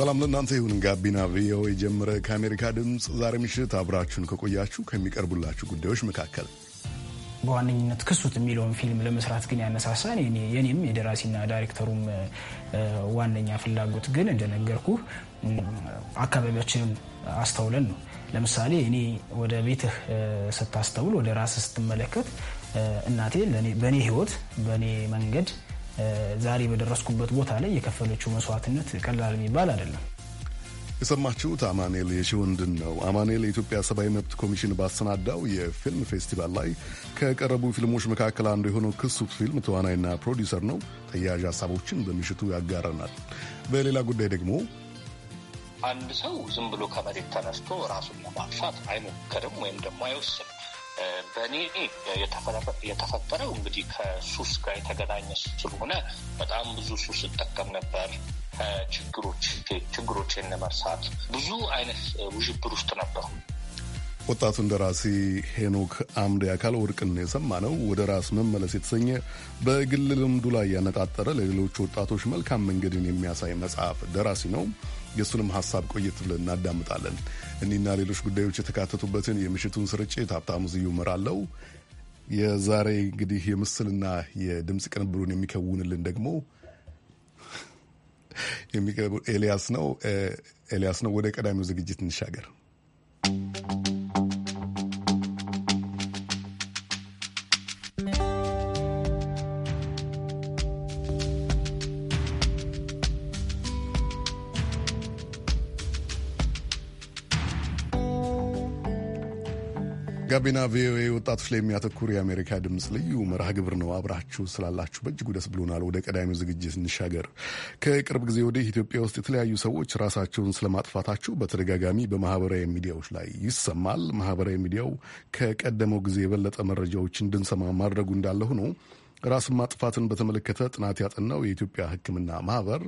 ሰላም ለእናንተ ይሁን። ጋቢና ቪኦኤ ጀምረ ከአሜሪካ ድምፅ ዛሬ ምሽት አብራችሁን ከቆያችሁ ከሚቀርቡላችሁ ጉዳዮች መካከል በዋነኝነት ክሱት የሚለውን ፊልም ለመስራት ግን ያነሳሳን የኔም የደራሲና ዳይሬክተሩም ዋነኛ ፍላጎት ግን እንደነገርኩ አካባቢያችንን አስተውለን ነው። ለምሳሌ እኔ ወደ ቤትህ ስታስተውል፣ ወደ ራስህ ስትመለከት እናቴ በእኔ ህይወት በእኔ መንገድ ዛሬ በደረስኩበት ቦታ ላይ የከፈለችው መስዋዕትነት ቀላል የሚባል አይደለም። የሰማችሁት አማኔል የሺወንድን ነው። አማኔል የኢትዮጵያ ሰብአዊ መብት ኮሚሽን ባሰናዳው የፊልም ፌስቲቫል ላይ ከቀረቡ ፊልሞች መካከል አንዱ የሆነው ክሱት ፊልም ተዋናይና ፕሮዲውሰር ነው። ተያያዥ ሀሳቦችን በምሽቱ ያጋረናል። በሌላ ጉዳይ ደግሞ አንድ ሰው ዝም ብሎ ከመሬት ተነስቶ ራሱን ለማጥፋት አይሞከርም ወይም ደግሞ አይወስንም። በእኔ የተፈጠረው እንግዲህ ከሱስ ጋር የተገናኘ ስለሆነ በጣም ብዙ ሱስ እጠቀም ነበር። ችግሮችን ለመርሳት ብዙ አይነት ውዥብር ውስጥ ነበሩ። ወጣቱ እንደራሴ ሄኖክ አምድ አካል ወርቅን የሰማ ነው። ወደ ራስ መመለስ የተሰኘ በግል ልምዱ ላይ ያነጣጠረ ለሌሎች ወጣቶች መልካም መንገድን የሚያሳይ መጽሐፍ ደራሲ ነው። የእሱንም ሀሳብ ቆየት ብለን እናዳምጣለን። እኒና ሌሎች ጉዳዮች የተካተቱበትን የምሽቱን ስርጭት ሀብታሙ ዝዩ እመራለሁ። የዛሬ እንግዲህ የምስልና የድምፅ ቅንብሩን የሚከውንልን ደግሞ ኤልያስ ነው። ኤልያስ ነው። ወደ ቀዳሚው ዝግጅት እንሻገር። ጋቢና ቪኦኤ ወጣቶች ላይ የሚያተኩር የአሜሪካ ድምፅ ልዩ መርሃ ግብር ነው። አብራችሁ ስላላችሁ በእጅጉ ደስ ብሎናል። ወደ ቀዳሚው ዝግጅት እንሻገር። ከቅርብ ጊዜ ወዲህ ኢትዮጵያ ውስጥ የተለያዩ ሰዎች ራሳቸውን ስለማጥፋታቸው በተደጋጋሚ በማህበራዊ ሚዲያዎች ላይ ይሰማል። ማህበራዊ ሚዲያው ከቀደመው ጊዜ የበለጠ መረጃዎች እንድንሰማ ማድረጉ እንዳለ ሆኖ ራስን ማጥፋትን በተመለከተ ጥናት ያጠናው የኢትዮጵያ ሕክምና ማህበር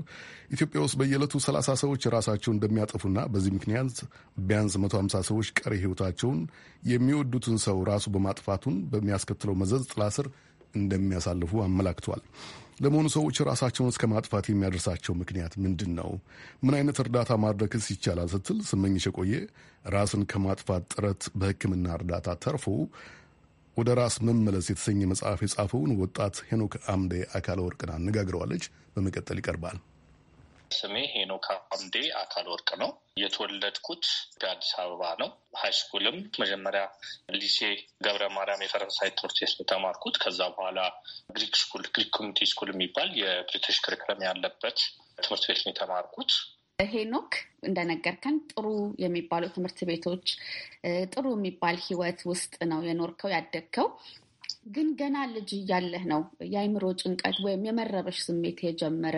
ኢትዮጵያ ውስጥ በየዕለቱ 30 ሰዎች ራሳቸውን እንደሚያጠፉና በዚህ ምክንያት ቢያንስ 150 ሰዎች ቀሪ ህይወታቸውን የሚወዱትን ሰው ራሱ በማጥፋቱን በሚያስከትለው መዘዝ ጥላ ስር እንደሚያሳልፉ አመላክቷል። ለመሆኑ ሰዎች ራሳቸውን እስከ ማጥፋት የሚያደርሳቸው ምክንያት ምንድን ነው? ምን አይነት እርዳታ ማድረግስ ይቻላል? ስትል ስመኝሽ የቆየ ራስን ከማጥፋት ጥረት በህክምና እርዳታ ተርፎ ወደ ራስ መመለስ የተሰኘ መጽሐፍ የጻፈውን ወጣት ሄኖክ አምዴ አካል ወርቅን አነጋግረዋለች። በመቀጠል ይቀርባል። ስሜ ሄኖክ አምዴ አካል ወርቅ ነው። የተወለድኩት በአዲስ አበባ ነው። ሀይስኩልም መጀመሪያ ሊሴ ገብረ ማርያም የፈረንሳይ ትምህርት ቤት የተማርኩት፣ ከዛ በኋላ ግሪክ ስኩል ግሪክ ኮሚኒቲ ስኩል የሚባል የብሪቲሽ ክርክረም ያለበት ትምህርት ቤት ነው የተማርኩት። ሄኖክ እንደነገርከን ጥሩ የሚባሉ ትምህርት ቤቶች፣ ጥሩ የሚባል ህይወት ውስጥ ነው የኖርከው ያደግከው። ግን ገና ልጅ እያለህ ነው የአይምሮ ጭንቀት ወይም የመረበሽ ስሜት የጀመረ።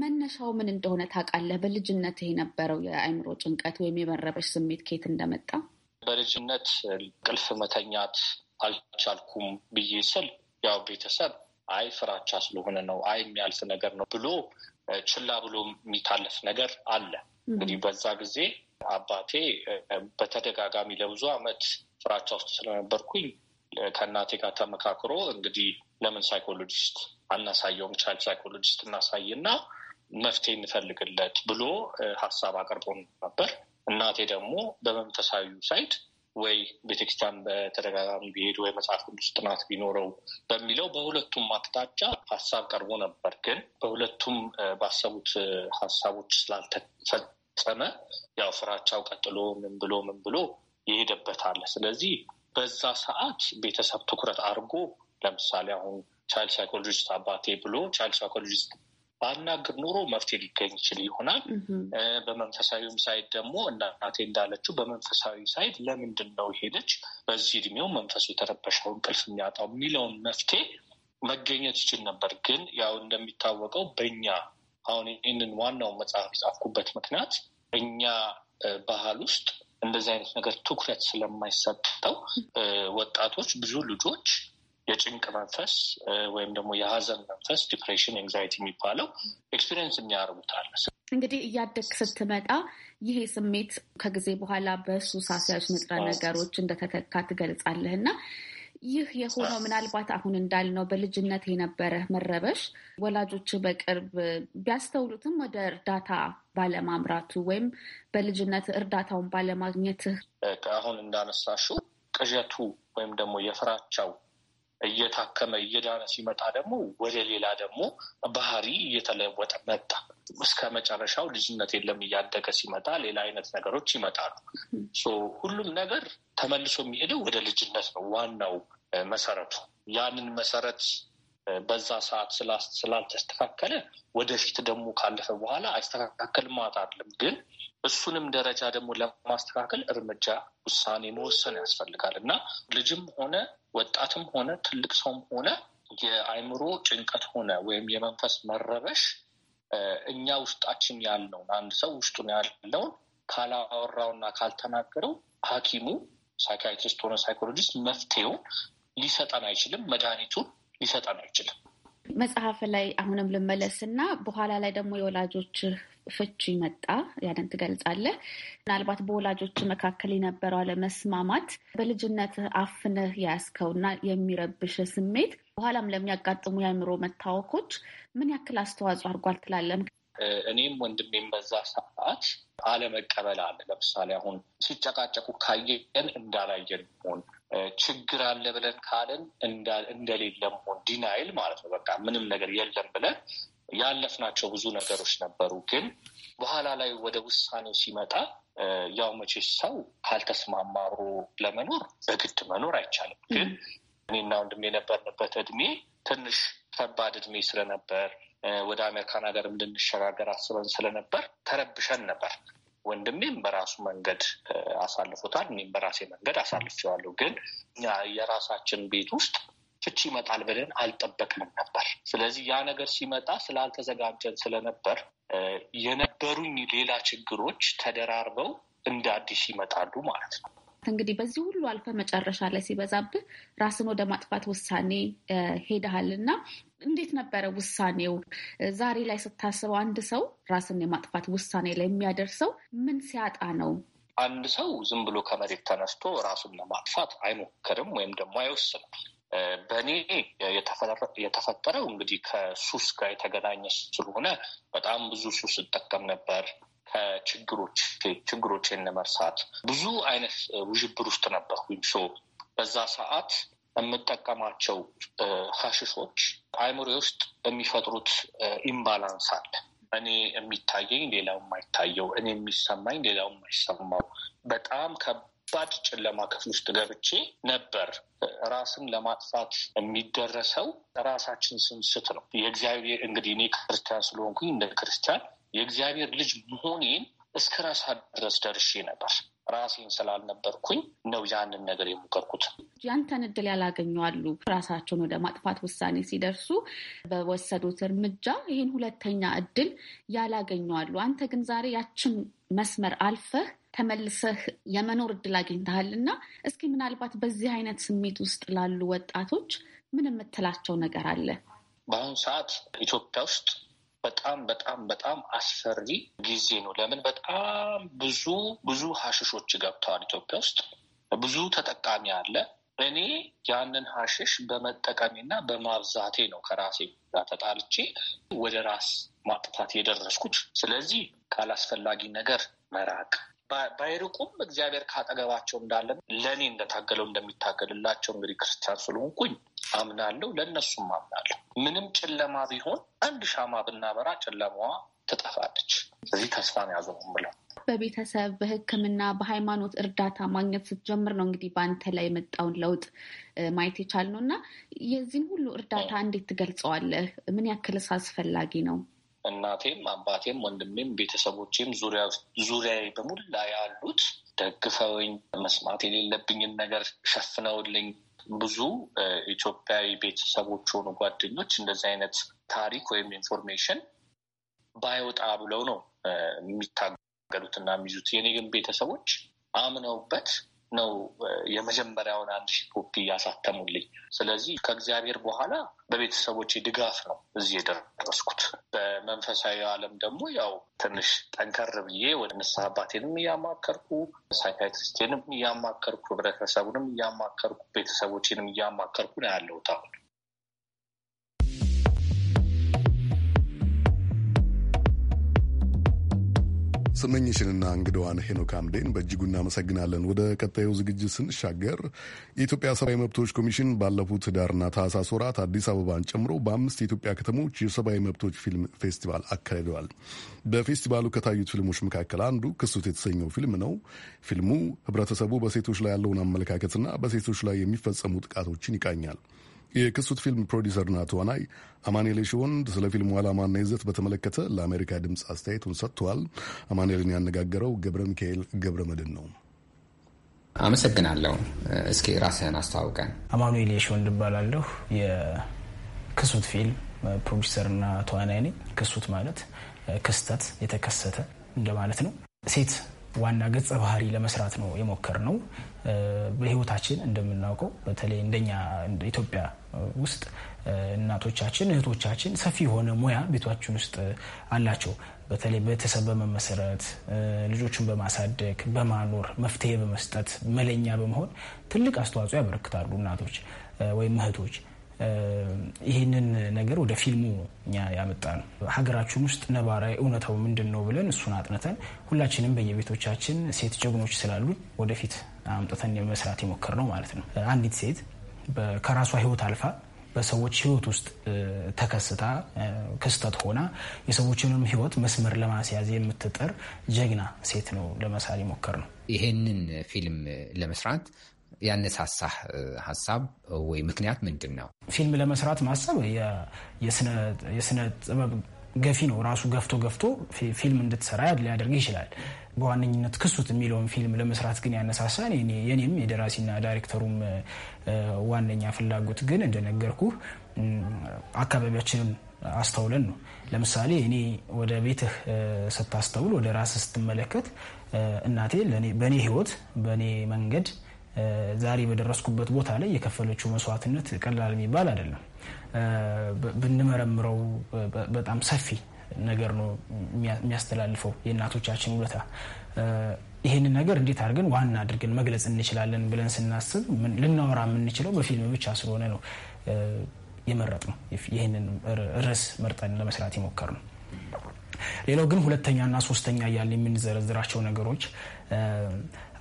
መነሻው ምን እንደሆነ ታውቃለህ? በልጅነት የነበረው የአይምሮ ጭንቀት ወይም የመረበሽ ስሜት ከየት እንደመጣ? በልጅነት ቅልፍ መተኛት አልቻልኩም ብዬ ስል ያው ቤተሰብ አይ ፍራቻ ስለሆነ ነው፣ አይ የሚያልፍ ነገር ነው ብሎ ችላ ብሎ የሚታለፍ ነገር አለ። እንግዲህ በዛ ጊዜ አባቴ በተደጋጋሚ ለብዙ ዓመት ፍራቻ ውስጥ ስለነበርኩኝ ከእናቴ ጋር ተመካክሮ እንግዲህ ለምን ሳይኮሎጂስት አናሳየውም? ቻይልድ ሳይኮሎጂስት እናሳይና መፍትሄ እንፈልግለት ብሎ ሀሳብ አቅርቦ ነበር። እናቴ ደግሞ በመንፈሳዊ ሳይድ ወይ ቤተክርስቲያን በተደጋጋሚ ቢሄድ ወይ መጽሐፍ ቅዱስ ጥናት ቢኖረው በሚለው በሁለቱም አቅጣጫ ሀሳብ ቀርቦ ነበር። ግን በሁለቱም ባሰቡት ሀሳቦች ስላልተፈጸመ ያው ፍራቻው ቀጥሎ ምን ብሎ ምን ብሎ ይሄደበታል። ስለዚህ በዛ ሰዓት ቤተሰብ ትኩረት አድርጎ ለምሳሌ አሁን ቻይልድ ሳይኮሎጂስት አባቴ ብሎ ቻይልድ ሳይኮሎጂስት ባናግር ኑሮ መፍትሄ ሊገኝ ይችል ይሆናል። በመንፈሳዊም ሳይድ ደግሞ እናቴ እንዳለችው በመንፈሳዊ ሳይድ ለምንድን ነው ሄደች በዚህ እድሜው መንፈሱ የተረበሸው እንቅልፍ የሚያጣው የሚለውን መፍትሄ መገኘት ይችል ነበር። ግን ያው እንደሚታወቀው በእኛ አሁን ይህንን ዋናው መጽሐፍ የጻፍኩበት ምክንያት እኛ ባህል ውስጥ እንደዚህ አይነት ነገር ትኩረት ስለማይሰጠው ወጣቶች ብዙ ልጆች የጭንቅ መንፈስ ወይም ደግሞ የሀዘን መንፈስ ዲፕሬሽን፣ ኤንግዛይቲ የሚባለው ኤክስፒሪየንስ የሚያደርጉታል። እንግዲህ እያደግ ስትመጣ ይሄ ስሜት ከጊዜ በኋላ በሱስ አስያዥ ንጥረ ነገሮች እንደተተካ ትገልጻለህ እና ይህ የሆነው ምናልባት አሁን እንዳልነው በልጅነት የነበረ መረበሽ ወላጆች በቅርብ ቢያስተውሉትም ወደ እርዳታ ባለማምራቱ ወይም በልጅነት እርዳታውን ባለማግኘትህ አሁን እንዳነሳሹ ቅዠቱ ወይም ደግሞ የፍራቻው እየታከመ እየዳነ ሲመጣ ደግሞ ወደ ሌላ ደግሞ ባህሪ እየተለወጠ መጣ። እስከ መጨረሻው ልጅነት የለም። እያደገ ሲመጣ ሌላ አይነት ነገሮች ይመጣሉ። ሁሉም ነገር ተመልሶ የሚሄደው ወደ ልጅነት ነው። ዋናው መሰረቱ ያንን መሰረት በዛ ሰዓት ስላልተስተካከለ ወደፊት ደግሞ ካለፈ በኋላ አይስተካከል ማለት አይደለም። ግን እሱንም ደረጃ ደግሞ ለማስተካከል እርምጃ ውሳኔ መወሰን ያስፈልጋል እና ልጅም ሆነ ወጣትም ሆነ ትልቅ ሰውም ሆነ የአይምሮ ጭንቀት ሆነ ወይም የመንፈስ መረበሽ እኛ ውስጣችን ያለውን አንድ ሰው ውስጡን ያለውን ካላወራውና ካልተናገረው ሐኪሙ ሳይካትሪስት ሆነ ሳይኮሎጂስት መፍትሄውን ሊሰጠን አይችልም። መድኃኒቱን ሊሰጠን አይችልም። መጽሐፍ ላይ አሁንም ልመለስ እና በኋላ ላይ ደግሞ የወላጆች ፍቺ መጣ። ያንን ትገልጻለህ። ምናልባት በወላጆች መካከል የነበረው አለመስማማት በልጅነት አፍነህ ያዝከውና የሚረብሽ ስሜት በኋላም ለሚያጋጥሙ የአእምሮ መታወኮች ምን ያክል አስተዋጽኦ አድርጓል ትላለም? እኔም ወንድሜም በዛ ሰዓት አለመቀበል አለ። ለምሳሌ አሁን ሲጨቃጨቁ ካየን እንዳላየን መሆን ችግር አለ ብለን ካልን እንደሌለ መሆን ዲናይል ማለት ነው። በቃ ምንም ነገር የለም ብለን ያለፍናቸው ብዙ ነገሮች ነበሩ። ግን በኋላ ላይ ወደ ውሳኔው ሲመጣ ያው መቼስ ሰው ካልተስማማሩ ለመኖር በግድ መኖር አይቻልም። ግን እኔና ወንድሜ የነበርንበት እድሜ ትንሽ ከባድ እድሜ ስለነበር ወደ አሜሪካን ሀገር እንድንሸጋገር አስበን ስለነበር ተረብሸን ነበር። ወንድሜም በራሱ መንገድ አሳልፎታል፣ እኔም በራሴ መንገድ አሳልፌዋለሁ። ግን የራሳችን ቤት ውስጥ ፍቺ ይመጣል ብለን አልጠበቅንም ነበር። ስለዚህ ያ ነገር ሲመጣ ስላልተዘጋጀን ስለነበር የነበሩኝ ሌላ ችግሮች ተደራርበው እንደ አዲስ ይመጣሉ ማለት ነው። እንግዲህ በዚህ ሁሉ አልፈ መጨረሻ ላይ ሲበዛብህ ራስን ወደ ማጥፋት ውሳኔ ሄደሃል እና እንዴት ነበረ ውሳኔው? ዛሬ ላይ ስታስበው አንድ ሰው ራስን የማጥፋት ውሳኔ ላይ የሚያደርሰው ምን ሲያጣ ነው? አንድ ሰው ዝም ብሎ ከመሬት ተነስቶ ራሱን ለማጥፋት አይሞክርም ወይም ደግሞ አይወስንም። በእኔ የተፈጠረው እንግዲህ ከሱስ ጋር የተገናኘ ስለሆነ በጣም ብዙ ሱስ እጠቀም ነበር። ከችግሮች ችግሮቼን ለመርሳት ብዙ አይነት ውዥብር ውስጥ ነበርኩኝ። ሶ በዛ ሰዓት የምጠቀማቸው ሀሽሾች አይምሬ ውስጥ የሚፈጥሩት ኢምባላንስ አለ። እኔ የሚታየኝ ሌላው የማይታየው፣ እኔ የሚሰማኝ ሌላው የማይሰማው በጣም ከባድ ጨለማ ክፍል ውስጥ ገብቼ ነበር። ራስን ለማጥፋት የሚደረሰው ራሳችን ስንስት ነው። የእግዚአብሔር እንግዲህ እኔ ክርስቲያን ስለሆንኩኝ እንደ ክርስቲያን የእግዚአብሔር ልጅ መሆኔን እስከ ራሳ ድረስ ደርሼ ነበር። ራሴን ስላልነበርኩኝ ነው ያንን ነገር የሞከርኩት። ያንተን እድል ያላገኘዋሉ ራሳቸውን ወደ ማጥፋት ውሳኔ ሲደርሱ በወሰዱት እርምጃ ይህን ሁለተኛ እድል ያላገኘዋሉ። አንተ ግን ዛሬ ያችን መስመር አልፈህ ተመልሰህ የመኖር እድል አግኝተሃል እና እስኪ ምናልባት በዚህ አይነት ስሜት ውስጥ ላሉ ወጣቶች ምን የምትላቸው ነገር አለ? በአሁኑ ሰዓት ኢትዮጵያ ውስጥ በጣም በጣም በጣም አስፈሪ ጊዜ ነው። ለምን በጣም ብዙ ብዙ ሀሽሾች ገብተዋል ኢትዮጵያ ውስጥ ብዙ ተጠቃሚ አለ። እኔ ያንን ሀሽሽ በመጠቀሜና በማብዛቴ ነው ከራሴ ጋር ተጣልቼ ወደ ራስ ማጥፋት የደረስኩት። ስለዚህ ካላስፈላጊ ነገር መራቅ ባይርቁም እግዚአብሔር ካጠገባቸው እንዳለ ለእኔ እንደታገለው እንደሚታገልላቸው እንግዲህ ክርስቲያን ስለሆንኩኝ አምናለሁ፣ ለእነሱም አምናለሁ። ምንም ጨለማ ቢሆን አንድ ሻማ ብናበራ ጨለማዋ ትጠፋለች። እዚህ ተስፋን ያዘ ብለው በቤተሰብ በሕክምና በሃይማኖት እርዳታ ማግኘት ስትጀምር ነው እንግዲህ በአንተ ላይ የመጣውን ለውጥ ማየት የቻልነው እና የዚህን ሁሉ እርዳታ እንዴት ትገልጸዋለህ? ምን ያክልስ አስፈላጊ ነው? እናቴም አባቴም ወንድሜም ቤተሰቦቼም ዙሪያ በሙላ ያሉት ደግፈውኝ መስማት የሌለብኝን ነገር ሸፍነውልኝ ብዙ ኢትዮጵያዊ ቤተሰቦች የሆኑ ጓደኞች እንደዚህ አይነት ታሪክ ወይም ኢንፎርሜሽን ባይወጣ ብለው ነው እና የሚይዙት። የኔ ግን ቤተሰቦች አምነውበት ነው የመጀመሪያውን አንድ ሺ ኮፒ ያሳተሙልኝ። ስለዚህ ከእግዚአብሔር በኋላ በቤተሰቦቼ ድጋፍ ነው እዚህ የደረስኩት። በመንፈሳዊ ዓለም ደግሞ ያው ትንሽ ጠንከር ብዬ ወደ ንስሐ አባቴንም እያማከርኩ ሳይካትሪስቴንም እያማከርኩ ህብረተሰቡንም እያማከርኩ ቤተሰቦቼንም እያማከርኩ ነው ያለሁት አሁን ስመኝሽንና እንግዳዋን ሄኖክ አምዴን በእጅጉ እናመሰግናለን። ወደ ቀጣዩ ዝግጅት ስንሻገር የኢትዮጵያ ሰብአዊ መብቶች ኮሚሽን ባለፉት ህዳርና ታህሳስ ወራት አዲስ አበባን ጨምሮ በአምስት የኢትዮጵያ ከተሞች የሰብአዊ መብቶች ፊልም ፌስቲቫል አካሂደዋል። በፌስቲቫሉ ከታዩት ፊልሞች መካከል አንዱ ክሱት የተሰኘው ፊልም ነው። ፊልሙ ህብረተሰቡ በሴቶች ላይ ያለውን አመለካከትና በሴቶች ላይ የሚፈጸሙ ጥቃቶችን ይቃኛል። የክሱት ፊልም ፕሮዲሰርና ተዋናይ አማኔሌ ሽወንድ ስለ ፊልሙ ዓላማና ይዘት በተመለከተ ለአሜሪካ ድምፅ አስተያየቱን ሰጥተዋል። አማኔልን ያነጋገረው ገብረ ሚካኤል ገብረ መድን ነው። አመሰግናለሁ። እስኪ ራስህን አስተዋውቀን። አማኑኤል የሽወንድ እባላለሁ። የክሱት ፊልም ፕሮዲሰርና ተዋናይ ነኝ። ክሱት ማለት ክስተት የተከሰተ እንደማለት ነው። ሴት ዋና ገጸ ባህሪ ለመስራት ነው የሞከር ነው። በህይወታችን እንደምናውቀው በተለይ እንደኛ ኢትዮጵያ ውስጥ እናቶቻችን፣ እህቶቻችን ሰፊ የሆነ ሙያ ቤቷችን ውስጥ አላቸው። በተለይ ቤተሰብ በመመሰረት ልጆችን በማሳደግ በማኖር መፍትሄ በመስጠት መለኛ በመሆን ትልቅ አስተዋጽኦ ያበረክታሉ እናቶች ወይም እህቶች። ይህንን ነገር ወደ ፊልሙ እኛ ያመጣ ነው። ሀገራችን ውስጥ ነባራዊ እውነታው ምንድን ነው ብለን እሱን አጥንተን ሁላችንም በየቤቶቻችን ሴት ጀግኖች ስላሉ ወደፊት አምጥተን የመስራት የሞከር ነው ማለት ነው። አንዲት ሴት ከራሷ ህይወት አልፋ በሰዎች ህይወት ውስጥ ተከስታ ክስተት ሆና የሰዎችንም ህይወት መስመር ለማስያዝ የምትጥር ጀግና ሴት ነው ለመሳል ሞከር ነው። ይህንን ፊልም ለመስራት ያነሳሳህ ሀሳብ ወይ ምክንያት ምንድን ነው? ፊልም ለመስራት ማሰብ የስነ ጥበብ ገፊ ነው። ራሱ ገፍቶ ገፍቶ ፊልም እንድትሰራ ሊያደርግ ይችላል። በዋነኝነት ክሱት የሚለውን ፊልም ለመስራት ግን ያነሳሳል። የኔም የደራሲና ዳይሬክተሩም ዋነኛ ፍላጎት ግን እንደነገርኩ አካባቢያችንን አስተውለን ነው። ለምሳሌ እኔ ወደ ቤትህ ስታስተውል፣ ወደ ራስህ ስትመለከት እናቴ በእኔ ህይወት በእኔ መንገድ ዛሬ በደረስኩበት ቦታ ላይ የከፈለችው መስዋዕትነት ቀላል የሚባል አይደለም። ብንመረምረው በጣም ሰፊ ነገር ነው የሚያስተላልፈው የእናቶቻችን ውለታ። ይህንን ነገር እንዴት አድርገን ዋና አድርገን መግለጽ እንችላለን ብለን ስናስብ ልናወራ የምንችለው በፊልም ብቻ ስለሆነ ነው የመረጥ ነው ይህንን ርዕስ መርጠን ለመስራት የሞከር ነው። ሌላው ግን ሁለተኛና ሶስተኛ እያለ የምንዘረዝራቸው ነገሮች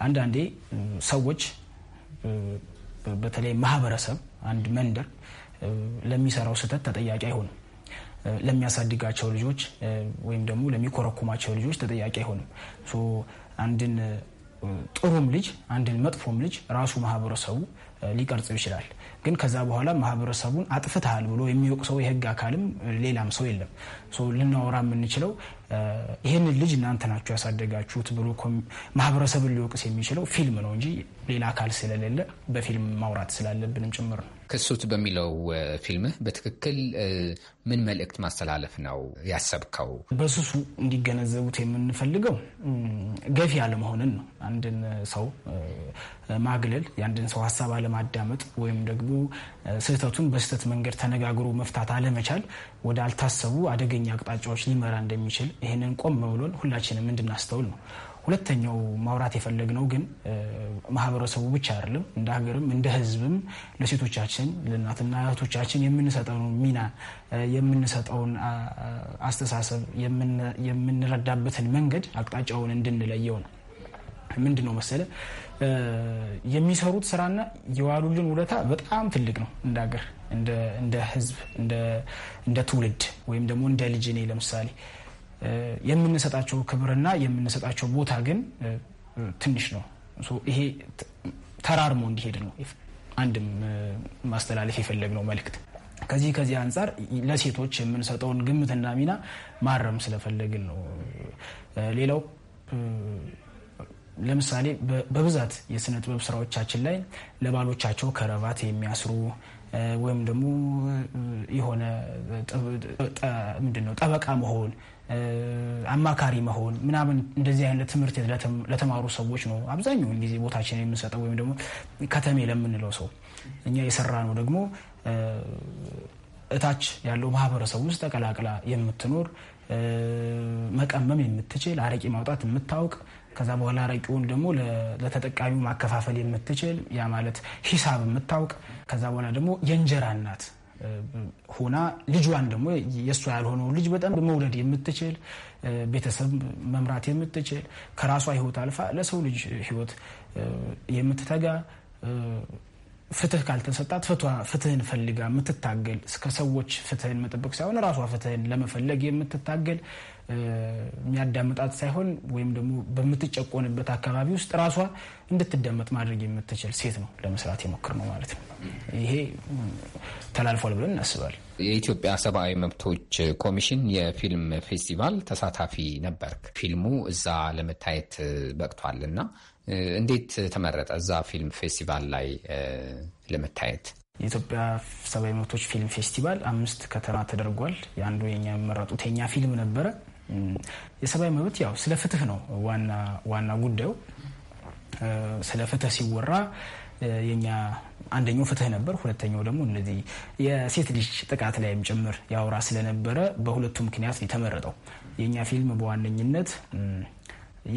አንዳንዴ ሰዎች በተለይ ማህበረሰብ አንድ መንደር ለሚሰራው ስህተት ተጠያቂ አይሆንም። ለሚያሳድጋቸው ልጆች ወይም ደግሞ ለሚኮረኩማቸው ልጆች ተጠያቂ አይሆንም። አንድን ጥሩም ልጅ አንድን መጥፎም ልጅ ራሱ ማህበረሰቡ ሊቀርጽ ይችላል። ግን ከዛ በኋላ ማህበረሰቡን አጥፍትሃል ብሎ የሚወቅ ሰው የህግ አካልም ሌላም ሰው የለም። ልናወራ የምንችለው ይህንን ልጅ እናንተ ናችሁ ያሳደጋችሁት ብሎ ማህበረሰብን ሊወቅስ የሚችለው ፊልም ነው እንጂ ሌላ አካል ስለሌለ በፊልም ማውራት ስላለብንም ጭምር ነው። ክሱት በሚለው ፊልምህ በትክክል ምን መልእክት ማስተላለፍ ነው ያሰብከው? በሱሱ እንዲገነዘቡት የምንፈልገው ገፊ አለመሆንን ነው። አንድን ሰው ማግለል፣ የአንድን ሰው ሀሳብ አለማዳመጥ፣ ወይም ደግሞ ስህተቱን በስህተት መንገድ ተነጋግሮ መፍታት አለመቻል ወደ አልታሰቡ አደገኛ አቅጣጫዎች ሊመራ እንደሚችል ይህንን ቆም ብሎን ሁላችንም እንድናስተውል ነው። ሁለተኛው ማውራት የፈለግነው ግን ማህበረሰቡ ብቻ አይደለም፣ እንደ ሀገርም እንደ ህዝብም ለሴቶቻችን ለእናትና እህቶቻችን የምንሰጠውን ሚና የምንሰጠውን አስተሳሰብ የምንረዳበትን መንገድ አቅጣጫውን እንድንለየው ነው። ምንድን ነው መሰለ የሚሰሩት ስራና የዋሉልን ውለታ በጣም ትልቅ ነው። እንደ ሀገር፣ እንደ ህዝብ፣ እንደ ትውልድ ወይም ደግሞ እንደ ልጅ እኔ ለምሳሌ የምንሰጣቸው ክብርና የምንሰጣቸው ቦታ ግን ትንሽ ነው። ይሄ ተራርሞ እንዲሄድ ነው አንድም ማስተላለፍ የፈለግነው መልእክት። ከዚህ ከዚህ አንጻር ለሴቶች የምንሰጠውን ግምትና ሚና ማረም ስለፈለግን ነው። ሌላው ለምሳሌ በብዛት የስነ ጥበብ ስራዎቻችን ላይ ለባሎቻቸው ከረባት የሚያስሩ ወይም ደግሞ የሆነ ምንድን ነው ጠበቃ መሆን አማካሪ መሆን ምናምን እንደዚህ አይነት ትምህርት ለተማሩ ሰዎች ነው አብዛኛውን ጊዜ ቦታችን የምንሰጠው ወይም ደግሞ ከተሜ ለምንለው ሰው። እኛ የሰራ ነው ደግሞ እታች ያለው ማህበረሰብ ውስጥ ተቀላቅላ የምትኖር መቀመም የምትችል አረቂ ማውጣት የምታውቅ ከዛ በኋላ አረቂውን ደግሞ ለተጠቃሚው ማከፋፈል የምትችል ያ ማለት ሂሳብ የምታውቅ ከዛ በኋላ ደግሞ የእንጀራ እናት ሆና ልጇን ደግሞ የእሷ ያልሆነው ልጅ በጣም መውለድ የምትችል ቤተሰብ መምራት የምትችል ከራሷ ሕይወት አልፋ ለሰው ልጅ ሕይወት የምትተጋ ፍትህ ካልተሰጣት ፍትህን ፈልጋ የምትታገል እስከ ሰዎች ፍትህን መጠበቅ ሳይሆን ራሷ ፍትህን ለመፈለግ የምትታገል የሚያዳምጣት ሳይሆን ወይም ደግሞ በምትጨቆንበት አካባቢ ውስጥ ራሷ እንድትዳመጥ ማድረግ የምትችል ሴት ነው ለመስራት የሞክር ነው ማለት ነው። ይሄ ተላልፏል ብለን እናስባለን። የኢትዮጵያ ሰብአዊ መብቶች ኮሚሽን የፊልም ፌስቲቫል ተሳታፊ ነበርክ። ፊልሙ እዛ ለመታየት በቅቷል እና እንዴት ተመረጠ? እዛ ፊልም ፌስቲቫል ላይ ለመታየት የኢትዮጵያ ሰብአዊ መብቶች ፊልም ፌስቲቫል አምስት ከተማ ተደርጓል። የአንዱ የኛ የመረጡት የኛ ፊልም ነበረ። የሰብአዊ መብት ያው ስለ ፍትህ ነው ዋና ዋና ጉዳዩ። ስለ ፍትህ ሲወራ የኛ አንደኛው ፍትህ ነበር። ሁለተኛው ደግሞ እነዚህ የሴት ልጅ ጥቃት ላይም ጭምር ያወራ ስለነበረ በሁለቱ ምክንያት የተመረጠው የእኛ ፊልም በዋነኝነት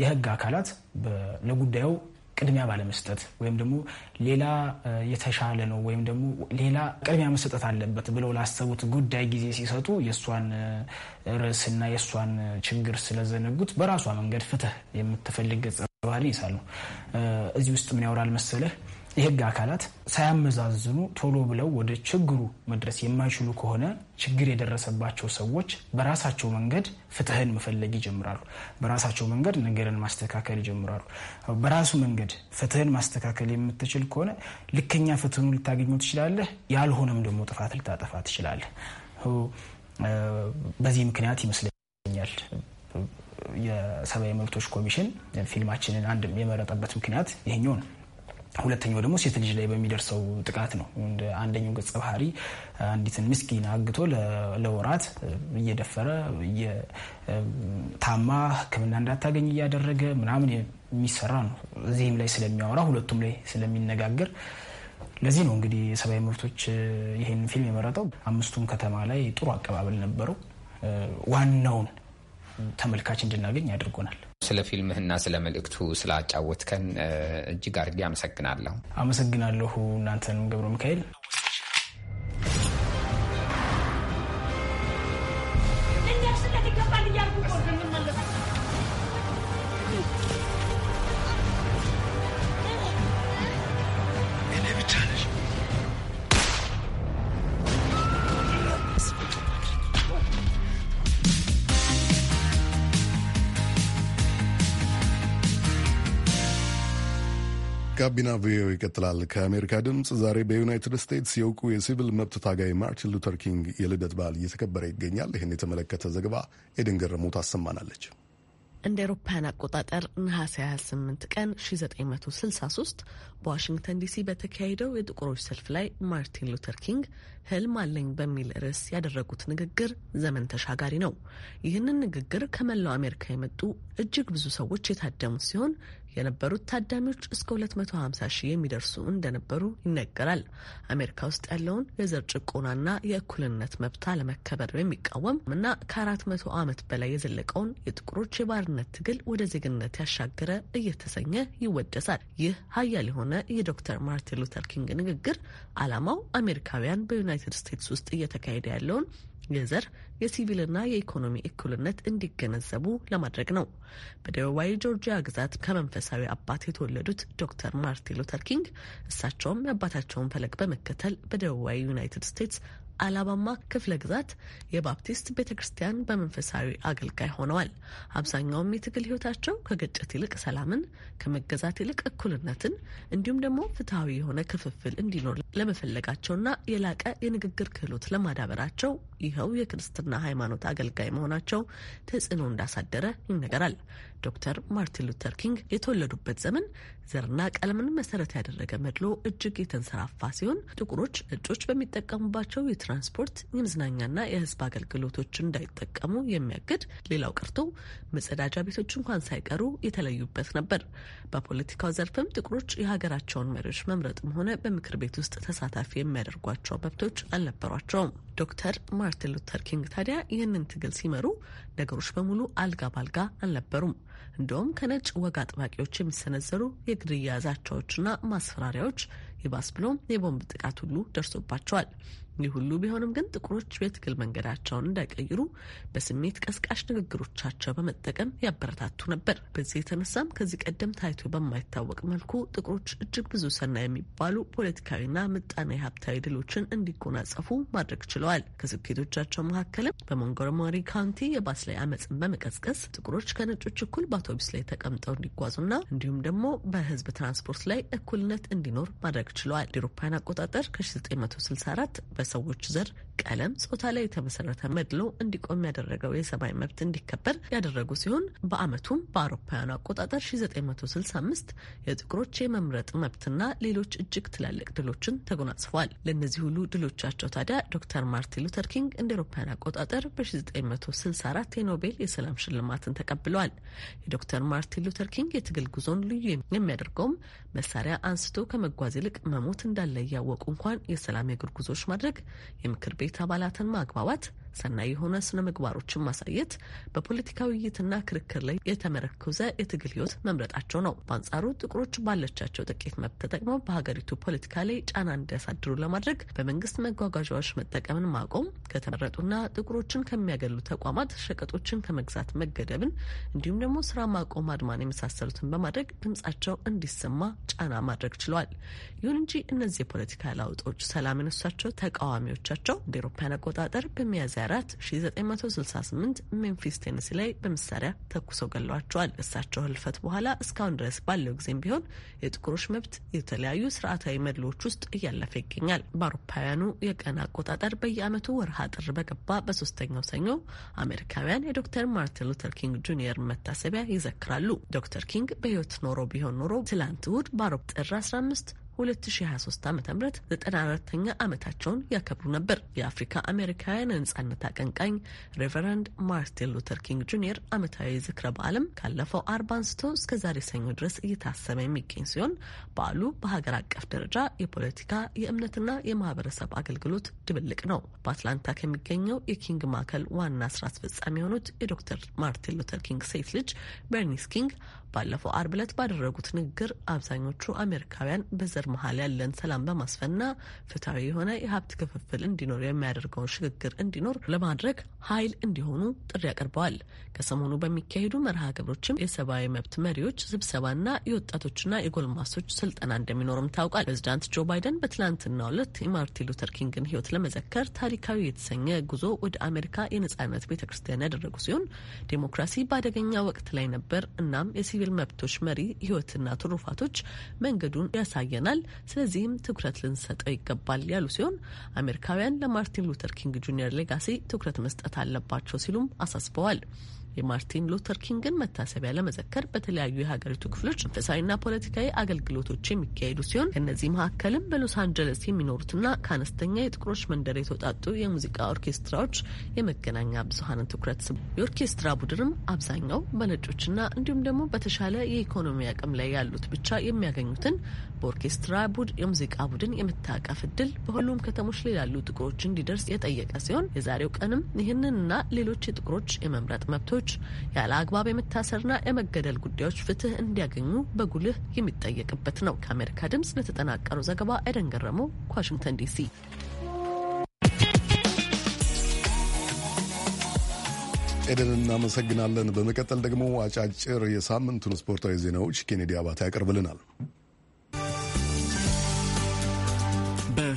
የህግ አካላት ለጉዳዩ ቅድሚያ ባለመስጠት ወይም ደግሞ ሌላ የተሻለ ነው ወይም ደግሞ ሌላ ቅድሚያ መሰጠት አለበት ብለው ላሰቡት ጉዳይ ጊዜ ሲሰጡ የእሷን ርዕስና የእሷን ችግር ስለዘነጉት በራሷ መንገድ ፍትህ የምትፈልግ ገጸ ባህሪ ይሳሉ። እዚህ ውስጥ ምን ያወራል መሰለህ? የህግ አካላት ሳያመዛዝኑ ቶሎ ብለው ወደ ችግሩ መድረስ የማይችሉ ከሆነ ችግር የደረሰባቸው ሰዎች በራሳቸው መንገድ ፍትህን መፈለግ ይጀምራሉ። በራሳቸው መንገድ ነገርን ማስተካከል ይጀምራሉ። በራሱ መንገድ ፍትህን ማስተካከል የምትችል ከሆነ ልከኛ ፍትህኑ ልታገኙ ትችላለህ። ያልሆነም ደግሞ ጥፋት ልታጠፋ ትችላለህ። በዚህ ምክንያት ይመስለኛል የሰብአዊ መብቶች ኮሚሽን ፊልማችንን አንድ የመረጠበት ምክንያት ይሄኛው ነው። ሁለተኛው ደግሞ ሴት ልጅ ላይ በሚደርሰው ጥቃት ነው። አንደኛው ገጸ ባህሪ አንዲትን ምስኪን አግቶ ለወራት እየደፈረ ታማ ሕክምና እንዳታገኝ እያደረገ ምናምን የሚሰራ ነው። እዚህም ላይ ስለሚያወራ ሁለቱም ላይ ስለሚነጋገር ለዚህ ነው እንግዲህ የሰብአዊ መብቶች ይህን ፊልም የመረጠው። አምስቱም ከተማ ላይ ጥሩ አቀባበል ነበረው። ዋናውን ተመልካች እንድናገኝ አድርጎናል። ስለ ፊልምህና ስለ መልእክቱ ስላጫወትከን እጅግ አድርጌ አመሰግናለሁ። አመሰግናለሁ እናንተንም ገብረ ሚካኤል። ጋቢና ቪኦኤ ይቀጥላል። ከአሜሪካ ድምፅ ዛሬ በዩናይትድ ስቴትስ የእውቁ የሲቪል መብት ታጋይ ማርቲን ሉተር ኪንግ የልደት በዓል እየተከበረ ይገኛል። ይህን የተመለከተ ዘገባ ኤደን ገረመው ታሰማናለች። እንደ አውሮፓውያን አቆጣጠር ነሐሴ 28 ቀን 1963 በዋሽንግተን ዲሲ በተካሄደው የጥቁሮች ሰልፍ ላይ ማርቲን ሉተር ኪንግ ህልም አለኝ በሚል ርዕስ ያደረጉት ንግግር ዘመን ተሻጋሪ ነው። ይህንን ንግግር ከመላው አሜሪካ የመጡ እጅግ ብዙ ሰዎች የታደሙት ሲሆን የነበሩት ታዳሚዎች እስከ 250 ሺህ የሚደርሱ እንደነበሩ ይነገራል። አሜሪካ ውስጥ ያለውን የዘር ጭቆናና የእኩልነት መብት አለመከበር የሚቃወም እና ከ400 ዓመት በላይ የዘለቀውን የጥቁሮች የባርነት ትግል ወደ ዜግነት ያሻገረ እየተሰኘ ይወደሳል። ይህ ሀያል የሆነ የዶክተር ማርቲን ሉተር ኪንግ ንግግር ዓላማው አሜሪካውያን በዩናይትድ ስቴትስ ውስጥ እየተካሄደ ያለውን የዘር የሲቪልና የኢኮኖሚ እኩልነት እንዲገነዘቡ ለማድረግ ነው። በደቡባዊ ጆርጂያ ግዛት ከመንፈሳዊ አባት የተወለዱት ዶክተር ማርቲን ሉተር ኪንግ እሳቸውም የአባታቸውን ፈለግ በመከተል በደቡባዊ ዩናይትድ ስቴትስ አላባማ ክፍለ ግዛት የባፕቲስት ቤተ ክርስቲያን በመንፈሳዊ አገልጋይ ሆነዋል። አብዛኛውም የትግል ህይወታቸው ከግጭት ይልቅ ሰላምን፣ ከመገዛት ይልቅ እኩልነትን እንዲሁም ደግሞ ፍትሐዊ የሆነ ክፍፍል እንዲኖር ለመፈለጋቸውና የላቀ የንግግር ክህሎት ለማዳበራቸው ይኸው የክርስትና ሃይማኖት አገልጋይ መሆናቸው ተጽዕኖ እንዳሳደረ ይነገራል። ዶክተር ማርቲን ሉተር ኪንግ የተወለዱበት ዘመን ዘርና ቀለምን መሰረት ያደረገ መድሎ እጅግ የተንሰራፋ ሲሆን ጥቁሮች ነጮች በሚጠቀሙባቸው ትራንስፖርት፣ የመዝናኛና የህዝብ አገልግሎቶች እንዳይጠቀሙ የሚያግድ ሌላው ቀርቶ መጸዳጃ ቤቶች እንኳን ሳይቀሩ የተለዩበት ነበር። በፖለቲካው ዘርፍም ጥቁሮች የሀገራቸውን መሪዎች መምረጥም ሆነ በምክር ቤት ውስጥ ተሳታፊ የሚያደርጓቸው መብቶች አልነበሯቸውም። ዶክተር ማርቲን ሉተር ኪንግ ታዲያ ይህንን ትግል ሲመሩ ነገሮች በሙሉ አልጋ ባልጋ አልነበሩም። እንዲሁም ከነጭ ወግ አጥባቂዎች የሚሰነዘሩ የግድያ ዛቻዎችና ማስፈራሪያዎች ይባስ ብሎም የቦምብ ጥቃት ሁሉ ደርሶባቸዋል። ይህ ሁሉ ቢሆንም ግን ጥቁሮች የትግል መንገዳቸውን እንዳይቀይሩ በስሜት ቀስቃሽ ንግግሮቻቸው በመጠቀም ያበረታቱ ነበር። በዚህ የተነሳም ከዚህ ቀደም ታይቶ በማይታወቅ መልኩ ጥቁሮች እጅግ ብዙ ሰና የሚባሉ ፖለቲካዊና ምጣኔ ሀብታዊ ድሎችን እንዲጎናጸፉ ማድረግ ችለዋል። ከስኬቶቻቸው መካከልም በሞንጎመሪ ካውንቲ የባስ ላይ አመፅን በመቀስቀስ ጥቁሮች ከነጮች እኩል በአውቶቢስ ላይ ተቀምጠው እንዲጓዙና እንዲሁም ደግሞ በህዝብ ትራንስፖርት ላይ እኩልነት እንዲኖር ማድረግ ችለዋል። አውሮፓውያን አቆጣጠር ከ1964 ሰዎች ዘር፣ ቀለም፣ ጾታ ላይ የተመሰረተ መድሎ እንዲቆም ያደረገው የሰብአዊ መብት እንዲከበር ያደረጉ ሲሆን በአመቱም በአውሮፓውያኑ አቆጣጠር 1965 የጥቁሮች የመምረጥ መብትና ሌሎች እጅግ ትላልቅ ድሎችን ተጎናጽፏል። ለእነዚህ ሁሉ ድሎቻቸው ታዲያ ዶክተር ማርቲን ሉተር ኪንግ እንደ አውሮፓውያን አቆጣጠር በ1964 የኖቤል የሰላም ሽልማትን ተቀብለዋል። የዶክተር ማርቲን ሉተር ኪንግ የትግል ጉዞን ልዩ የሚያደርገውም መሳሪያ አንስቶ ከመጓዝ ይልቅ መሞት እንዳለ እያወቁ እንኳን የሰላም የእግር ጉዞዎች ማድረግ የምክር ቤት አባላትን ማግባባት ሰናይ የሆነ ስነ ምግባሮችን ማሳየት፣ በፖለቲካዊ ውይይትና ክርክር ላይ የተመረኮዘ የትግል ህይወት መምረጣቸው ነው። በአንጻሩ ጥቁሮች ባለቻቸው ጥቂት መብት ተጠቅመው በሀገሪቱ ፖለቲካ ላይ ጫና እንዲያሳድሩ ለማድረግ በመንግስት መጓጓዣዎች መጠቀምን ማቆም፣ ከተመረጡና ጥቁሮችን ከሚያገሉ ተቋማት ሸቀጦችን ከመግዛት መገደብን እንዲሁም ደግሞ ስራ ማቆም አድማን የመሳሰሉትን በማድረግ ድምጻቸው እንዲሰማ ጫና ማድረግ ችለዋል። ይሁን እንጂ እነዚህ የፖለቲካ ለውጦች ሰላም የነሷቸው ተቃዋሚዎቻቸው እንደ አውሮፓውያን አቆጣጠር በሚያዝያ 24 1968 ሜምፊስ ቴኒሲ ላይ በመሳሪያ ተኩሰው ገሏቸዋል። እሳቸው ህልፈት በኋላ እስካሁን ድረስ ባለው ጊዜም ቢሆን የጥቁሮች መብት የተለያዩ ስርዓታዊ መድሎች ውስጥ እያለፈ ይገኛል። በአውሮፓውያኑ የቀን አቆጣጠር በየአመቱ ወርሃ ጥር በገባ በሶስተኛው ሰኞ አሜሪካውያን የዶክተር ማርቲን ሉተር ኪንግ ጁኒየር መታሰቢያ ይዘክራሉ። ዶክተር ኪንግ በህይወት ኖሮ ቢሆን ኖሮ ትላንት እሁድ በአውሮፓ ጥር 15 2023 ዓ ም 94ኛ ዓመታቸውን ያከብሩ ነበር። የአፍሪካ አሜሪካውያን ነጻነት አቀንቃኝ ሬቨረንድ ማርቲን ሉተር ኪንግ ጁኒየር ዓመታዊ ዝክረ በዓልም ካለፈው አርብ አንስቶ እስከ ዛሬ ሰኞ ድረስ እየታሰበ የሚገኝ ሲሆን በዓሉ በሀገር አቀፍ ደረጃ የፖለቲካ የእምነትና የማህበረሰብ አገልግሎት ድብልቅ ነው። በአትላንታ ከሚገኘው የኪንግ ማዕከል ዋና ስራ አስፈጻሚ የሆኑት የዶክተር ማርቲን ሉተር ኪንግ ሴት ልጅ በርኒስ ኪንግ ባለፈው አርብ ዕለት ባደረጉት ንግግር አብዛኞቹ አሜሪካውያን በዘር መሀል ያለን ሰላም በማስፈንና ፍትሐዊ የሆነ የሀብት ክፍፍል እንዲኖር የሚያደርገውን ሽግግር እንዲኖር ለማድረግ ኃይል እንዲሆኑ ጥሪ አቅርበዋል። ከሰሞኑ በሚካሄዱ መርሃ ግብሮችም የሰብአዊ መብት መሪዎች ስብሰባና የወጣቶችና የጎልማሶች ስልጠና እንደሚኖርም ታውቋል። ፕሬዚዳንት ጆ ባይደን በትላንትናው ዕለት የማርቲን ሉተር ኪንግን ህይወት ለመዘከር ታሪካዊ የተሰኘ ጉዞ ወደ አሜሪካ የነጻነት ቤተ ክርስቲያን ያደረጉ ሲሆን ዴሞክራሲ በአደገኛ ወቅት ላይ ነበር እናም የሲቪል መብቶች መሪ ህይወትና ትሩፋቶች መንገዱን ያሳየናል። ስለዚህም ትኩረት ልንሰጠው ይገባል ያሉ ሲሆን አሜሪካውያን ለማርቲን ሉተር ኪንግ ጁኒየር ሌጋሲ ትኩረት መስጠት አለባቸው ሲሉም አሳስበዋል። የማርቲን ሉተር ኪንግን መታሰቢያ ለመዘከር በተለያዩ የሀገሪቱ ክፍሎች መንፈሳዊና ፖለቲካዊ አገልግሎቶች የሚካሄዱ ሲሆን ከእነዚህ መካከልም በሎስ አንጀለስ የሚኖሩትና ከአነስተኛ የጥቁሮች መንደር የተውጣጡ የሙዚቃ ኦርኬስትራዎች የመገናኛ ብዙሀንን ትኩረት ስብ የኦርኬስትራ ቡድንም አብዛኛው በነጮችና እንዲሁም ደግሞ በተሻለ የኢኮኖሚ አቅም ላይ ያሉት ብቻ የሚያገኙትን በኦርኬስትራ ቡድ የሙዚቃ ቡድን የመታቀፍ እድል በሁሉም ከተሞች ላይ ያሉ ጥቁሮች እንዲደርስ የጠየቀ ሲሆን የዛሬው ቀንም ይህንንና ሌሎች የጥቁሮች የመምረጥ መብቶች ተጠርጣሪዎች ያለ አግባብ የመታሰርና የመገደል ጉዳዮች ፍትህ እንዲያገኙ በጉልህ የሚጠየቅበት ነው። ከአሜሪካ ድምጽ ለተጠናቀረው ዘገባ አይደን ገረመው ከዋሽንግተን ዲሲ። ኤደን እናመሰግናለን። በመቀጠል ደግሞ አጫጭር የሳምንቱን ስፖርታዊ ዜናዎች ኬኔዲ አባታ ያቀርብልናል።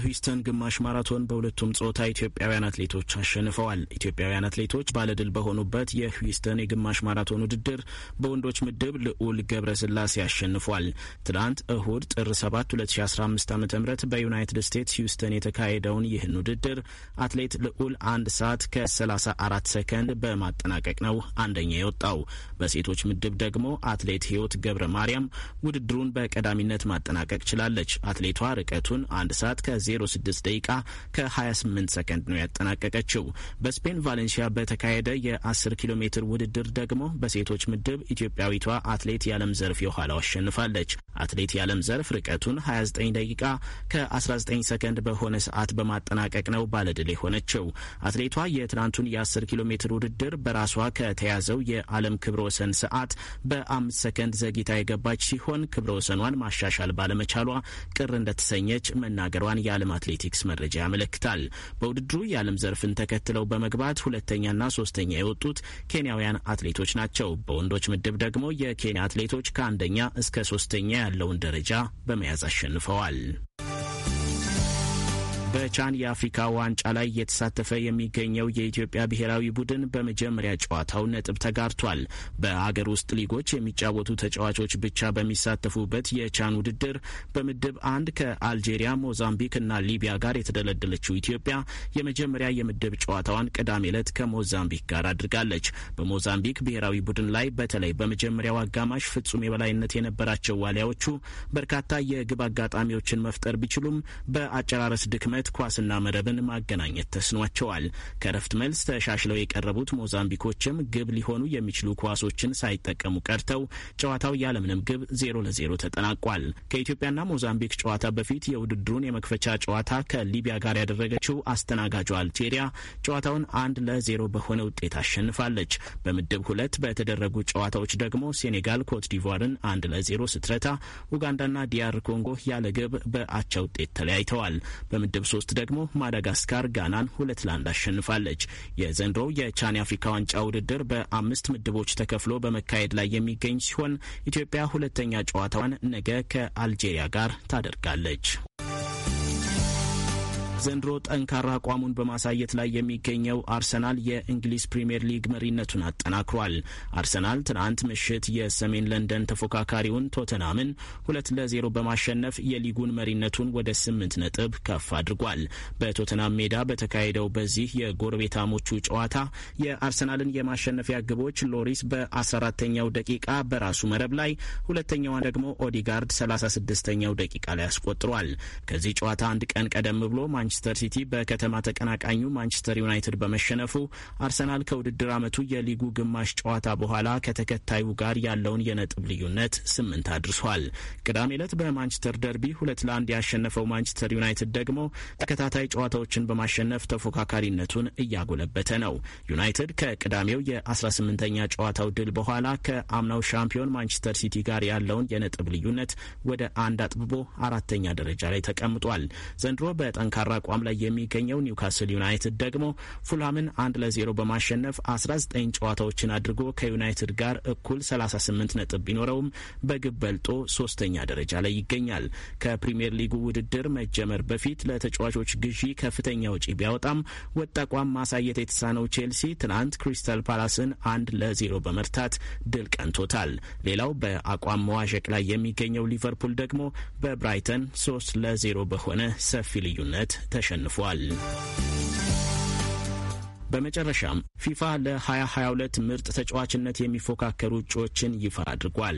የሂውስተን ግማሽ ማራቶን በሁለቱም ጾታ ኢትዮጵያውያን አትሌቶች አሸንፈዋል። ኢትዮጵያውያን አትሌቶች ባለድል በሆኑበት የሂውስተን የግማሽ ማራቶን ውድድር በወንዶች ምድብ ልዑል ገብረስላሴ አሸንፏል። ትናንት እሁድ ጥር 7 2015 ዓ ም በዩናይትድ ስቴትስ ሂውስተን የተካሄደውን ይህን ውድድር አትሌት ልዑል አንድ ሰዓት ከ34 ሰከንድ በማጠናቀቅ ነው አንደኛ የወጣው። በሴቶች ምድብ ደግሞ አትሌት ህይወት ገብረ ማርያም ውድድሩን በቀዳሚነት ማጠናቀቅ ችላለች። አትሌቷ ርቀቱን አንድ ሰዓት ከ 06 ደቂቃ ከ28 ሰከንድ ነው ያጠናቀቀችው። በስፔን ቫሌንሲያ በተካሄደ የ10 ኪሎ ሜትር ውድድር ደግሞ በሴቶች ምድብ ኢትዮጵያዊቷ አትሌት የዓለም ዘርፍ የኋላው አሸንፋለች። አትሌት የዓለም ዘርፍ ርቀቱን 29 ደቂቃ ከ19 ሰከንድ በሆነ ሰዓት በማጠናቀቅ ነው ባለድል የሆነችው። አትሌቷ የትናንቱን የ10 ኪሎ ሜትር ውድድር በራሷ ከተያዘው የዓለም ክብረ ወሰን ሰዓት በአምስት ሰከንድ ዘግይታ የገባች ሲሆን ክብረ ወሰኗን ማሻሻል ባለመቻሏ ቅር እንደተሰኘች መናገሯን ያለ የዓለም አትሌቲክስ መረጃ ያመለክታል። በውድድሩ የዓለም ዘርፍን ተከትለው በመግባት ሁለተኛና ሶስተኛ የወጡት ኬንያውያን አትሌቶች ናቸው። በወንዶች ምድብ ደግሞ የኬንያ አትሌቶች ከአንደኛ እስከ ሶስተኛ ያለውን ደረጃ በመያዝ አሸንፈዋል። በቻን የአፍሪካ ዋንጫ ላይ እየተሳተፈ የሚገኘው የኢትዮጵያ ብሔራዊ ቡድን በመጀመሪያ ጨዋታው ነጥብ ተጋርቷል። በአገር ውስጥ ሊጎች የሚጫወቱ ተጫዋቾች ብቻ በሚሳተፉበት የቻን ውድድር በምድብ አንድ ከአልጄሪያ፣ ሞዛምቢክ እና ሊቢያ ጋር የተደለደለችው ኢትዮጵያ የመጀመሪያ የምድብ ጨዋታዋን ቅዳሜ ዕለት ከሞዛምቢክ ጋር አድርጋለች። በሞዛምቢክ ብሔራዊ ቡድን ላይ በተለይ በመጀመሪያው አጋማሽ ፍጹም የበላይነት የነበራቸው ዋሊያዎቹ በርካታ የግብ አጋጣሚዎችን መፍጠር ቢችሉም በአጨራረስ ድክመት በማለት ኳስና መረብን ማገናኘት ተስኗቸዋል። ከረፍት መልስ ተሻሽለው የቀረቡት ሞዛምቢኮችም ግብ ሊሆኑ የሚችሉ ኳሶችን ሳይጠቀሙ ቀርተው ጨዋታው ያለምንም ግብ ዜሮ ለዜሮ ተጠናቋል። ከኢትዮጵያና ሞዛምቢክ ጨዋታ በፊት የውድድሩን የመክፈቻ ጨዋታ ከሊቢያ ጋር ያደረገችው አስተናጋጇ አልጄሪያ ጨዋታውን አንድ ለዜሮ በሆነ ውጤት አሸንፋለች። በምድብ ሁለት በተደረጉ ጨዋታዎች ደግሞ ሴኔጋል ኮት ዲቫርን አንድ ለዜሮ ስትረታ፣ ኡጋንዳና ዲያር ኮንጎ ያለ ግብ በአቻ ውጤት ተለያይተዋል። በምድብ በ2023 ደግሞ ማዳጋስካር ጋናን ሁለት ለአንድ አሸንፋለች። የዘንድሮው የቻን የአፍሪካ ዋንጫ ውድድር በአምስት ምድቦች ተከፍሎ በመካሄድ ላይ የሚገኝ ሲሆን ኢትዮጵያ ሁለተኛ ጨዋታዋን ነገ ከአልጄሪያ ጋር ታደርጋለች። ዘንድሮ ጠንካራ አቋሙን በማሳየት ላይ የሚገኘው አርሰናል የእንግሊዝ ፕሪምየር ሊግ መሪነቱን አጠናክሯል። አርሰናል ትናንት ምሽት የሰሜን ለንደን ተፎካካሪውን ቶተናምን ሁለት ለዜሮ በማሸነፍ የሊጉን መሪነቱን ወደ ስምንት ነጥብ ከፍ አድርጓል። በቶተናም ሜዳ በተካሄደው በዚህ የጎረቤታሞቹ ጨዋታ የአርሰናልን የማሸነፊያ ግቦች ሎሪስ በ14ተኛው ደቂቃ በራሱ መረብ ላይ ሁለተኛዋን ደግሞ ኦዲጋርድ 36ተኛው ደቂቃ ላይ አስቆጥሯል። ከዚህ ጨዋታ አንድ ቀን ቀደም ብሎ ማን ማንቸስተር ሲቲ በከተማ ተቀናቃኙ ማንቸስተር ዩናይትድ በመሸነፉ አርሰናል ከውድድር ዓመቱ የሊጉ ግማሽ ጨዋታ በኋላ ከተከታዩ ጋር ያለውን የነጥብ ልዩነት ስምንት አድርሷል። ቅዳሜ ዕለት በማንቸስተር ደርቢ ሁለት ለአንድ ያሸነፈው ማንቸስተር ዩናይትድ ደግሞ ተከታታይ ጨዋታዎችን በማሸነፍ ተፎካካሪነቱን እያጎለበተ ነው። ዩናይትድ ከቅዳሜው የ18ኛ ጨዋታው ድል በኋላ ከአምናው ሻምፒዮን ማንቸስተር ሲቲ ጋር ያለውን የነጥብ ልዩነት ወደ አንድ አጥብቦ አራተኛ ደረጃ ላይ ተቀምጧል። ዘንድሮ በጠንካራ አቋም ላይ የሚገኘው ኒውካስል ዩናይትድ ደግሞ ፉልሃምን አንድ ለዜሮ በማሸነፍ 19 ጨዋታዎችን አድርጎ ከዩናይትድ ጋር እኩል 38 ነጥብ ቢኖረውም በግብ በልጦ ሶስተኛ ደረጃ ላይ ይገኛል። ከፕሪምየር ሊጉ ውድድር መጀመር በፊት ለተጫዋቾች ግዢ ከፍተኛ ውጪ ቢያወጣም ወጥ አቋም ማሳየት የተሳነው ቼልሲ ትናንት ክሪስታል ፓላስን አንድ ለዜሮ በመርታት ድል ቀንቶታል። ሌላው በአቋም መዋዠቅ ላይ የሚገኘው ሊቨርፑል ደግሞ በብራይተን ሶስት ለዜሮ በሆነ ሰፊ ልዩነት ተሸንፏል። በመጨረሻም ፊፋ ለ2022 ምርጥ ተጫዋችነት የሚፎካከሩ እጩዎችን ይፋ አድርጓል።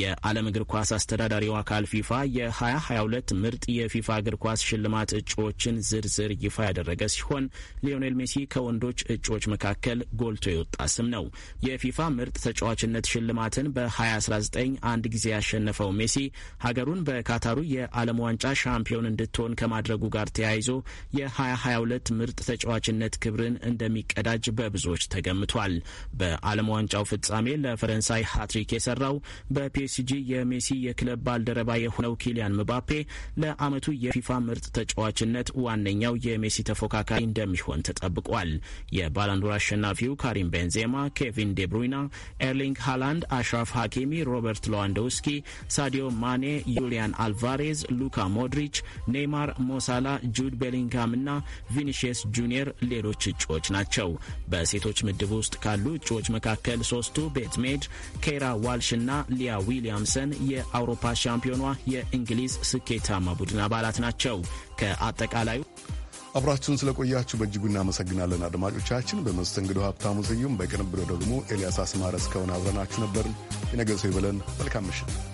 የዓለም እግር ኳስ አስተዳዳሪው አካል ፊፋ የ2022 ምርጥ የፊፋ እግር ኳስ ሽልማት እጩዎችን ዝርዝር ይፋ ያደረገ ሲሆን ሊዮኔል ሜሲ ከወንዶች እጩዎች መካከል ጎልቶ የወጣ ስም ነው። የፊፋ ምርጥ ተጫዋችነት ሽልማትን በ2019 አንድ ጊዜ ያሸነፈው ሜሲ ሀገሩን በካታሩ የዓለም ዋንጫ ሻምፒዮን እንድትሆን ከማድረጉ ጋር ተያይዞ የ2022 ምርጥ ተጫዋችነት ክብርን እንደ እንደሚቀዳጅ በብዙዎች ተገምቷል። በዓለም ዋንጫው ፍጻሜ ለፈረንሳይ ሀትሪክ የሰራው በፒኤስጂ የሜሲ የክለብ ባልደረባ የሆነው ኪሊያን ምባፔ ለዓመቱ የፊፋ ምርጥ ተጫዋችነት ዋነኛው የሜሲ ተፎካካሪ እንደሚሆን ተጠብቋል። የባላንዶር አሸናፊው ካሪም ቤንዜማ፣ ኬቪን ዴብሩይና፣ ኤርሊንግ ሃላንድ፣ አሽራፍ ሀኪሚ፣ ሮበርት ሎዋንዶውስኪ፣ ሳዲዮ ማኔ፣ ዩሊያን አልቫሬዝ፣ ሉካ ሞድሪች፣ ኔይማር፣ ሞሳላ፣ ጁድ ቤሊንጋም እና ቪኒሺየስ ጁኒየር ሌሎች እጩዎች ናቸው። ናቸው። በሴቶች ምድብ ውስጥ ካሉ እጩዎች መካከል ሶስቱ ቤት ሜድ፣ ኬራ ዋልሽ እና ሊያ ዊሊያምሰን የአውሮፓ ሻምፒዮኗ የእንግሊዝ ስኬታማ ቡድን አባላት ናቸው። ከአጠቃላዩ አብራችሁን ስለቆያችሁ በእጅጉ እናመሰግናለን አድማጮቻችን። በመስተንግዶ ሀብታሙ ስዩም፣ በቅንብሮ ደግሞ ኤልያስ አስማረ እስከሆነ አብረናችሁ ነበርን። የነገ ሰው ይበለን። መልካም ምሽት።